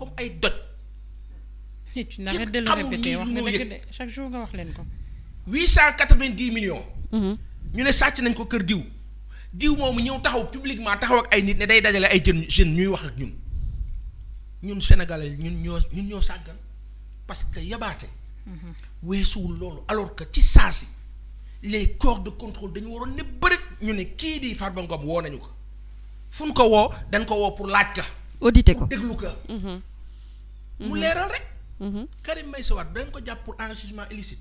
comme ay doj. nit n'arrête de le répéter wax nga dëgg de chaque jour nga wax leen ko. huit cent quatre-vingt-dix millions. Mm-hmm. ñu ne sàcc nañ ko kër diw. diw moomu ñëw taxaw publiquement taxaw ak ay nit ne day dajale ay jën jeunes ñuy wax ak ñun ñun sénégalais ñun ñoo ñun ñoo sàggan parce que yabaate. Mm-hmm. weesuwul loolu alors que ci saa si les corps de contrôle dañu waroon ne bëri ñu ne kii di Farba Ngom woo nañu ko fu ko woo dañ ko woo pour laaj ka auditer ko déglu ka mm-hmm. mu mhm. leeral rek. Mhm. Karim Meïssa Wade dañ ko jàpp pour enrichissement illicite.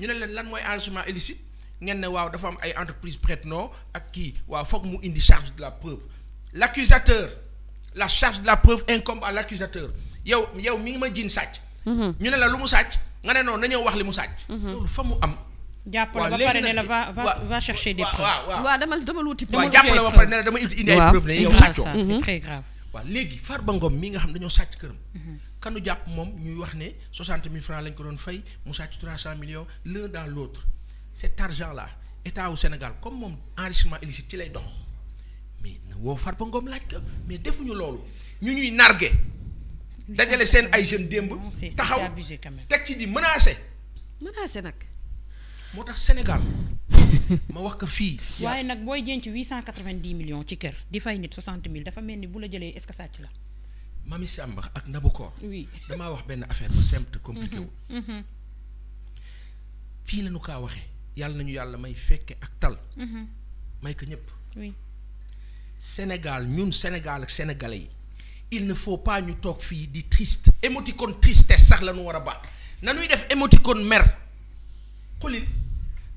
ñu ne leen lan mooy enrichissement illicite ngeen ne waaw dafa am ay entreprise prête-nom ak kii waa foog mu indi charge de la preuve la charge de la preuve incombe à l'accusateur yow yow mi ngi ma jiin sàcc. Mhm. ñu ne la lu mu sàcc nga ne noonu nañoo wax li mu sàcc. loolu mu am. jàppale ba pare ne la va va va chercher des preuves. waaw waaw waaw demal demal ne la dama indi ay preuves ne yow sàccoo. c'est très grave. waaw nga xam dañoo sàcc këram. kanu jàpp moom ñuy wax ne soixante mille francs lañ ko doon fay mu sàcc trois cent millions l'un dans l'autre cet argent là état comme moom enrichissement illicite ci lay dox mais na woo Farba Ngom laaj ko mais defuñu loolu ñu ñuy nargué dajale seen ay jeunes démb taxaw teg ci di menacé menacé nag moo tax Sénégal ma wax ko fii. waaye nag booy jënc huit cent quatre-vingt-dix millions ci kër di fay nit soixante mille dafa mel ni bu la jëlee est sàcc la. Mamy Samba ak Nabokor. oui damaa wax benn affaire bu simple te compliqué mhm. wu. Mhm. fii la kaa waxee yàlla nañu yàlla may fekke ak tal. Mhm. may ko ñëpp. Sénégal ñun Sénégal ak sénégalais yi il ne faut pas ñu toog fii di triste émoticône tristesse sax la ñu war a baax na nanuy def émoticône mer xulil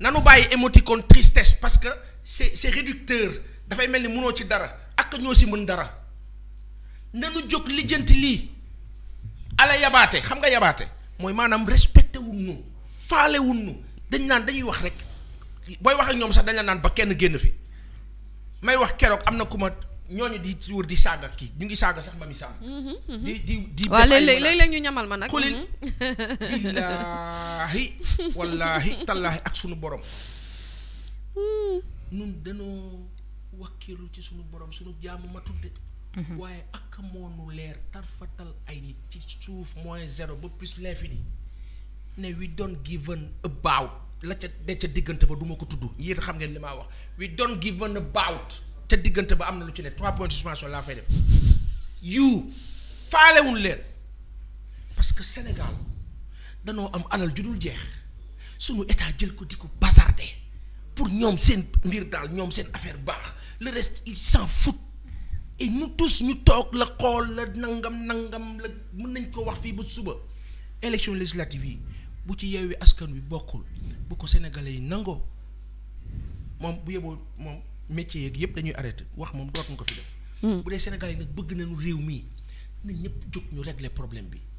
nanu bàyyi émoticône tristesse parce que c'est c'est réducteur dafay mel ni mënoo ci dara ak ñoo si mën dara. nanu jóg lijjanti lii ala yabaate xam nga yabaate mooy maanaam respecté wun nu faale wun dañ naan dañuy wax rek booy wax ak ñoom sax dañ la naan ba kenn génn fi may wax keroog am na ku ma ñooñu di wër di saaga kii mu ngi saaga sax mami sàmm mm-hmm, mm-hmm. di di di waaw léeg-léeg ñu ñamal ma nag xulil mm-hmm. billaahi wallaahi tallaahi ak sunu borom mm. nun danoo wakkilu ci sunu borom sunu jaamu matul de waaye que moonu leer tarfatal ay nit ci suuf moins zéro ba plus l'infini ne we don't given about la ca dee ca diggante ba duma ma ko tudd yéen xam ngeen li maa wax we don't given about ca diggante ba am na lu ci ne trois points de suspension laa fay def you faalewuñ leen parce que Sénégal danoo am alal ju dul jeex sunu état jël ko di ko bazarder pour ñoom seen mbir daal ñoom seen affaire baax le reste il s'en fout et nu tous ñu toog la xool la nangam nangam la mën nañ koo wax fii ba suba élection législative yi bu ci Yewwi Askan Wi bokkul bu ko sénégalais yi nangoo moom bu yeboo moom métier yeeg yëpp dañuy arrêté wax moom dootuñ ko fi def. Hmm. bu dee sénégalais yi nag bëgg nañu réew mii na ñëpp jóg ñu régler problème bi.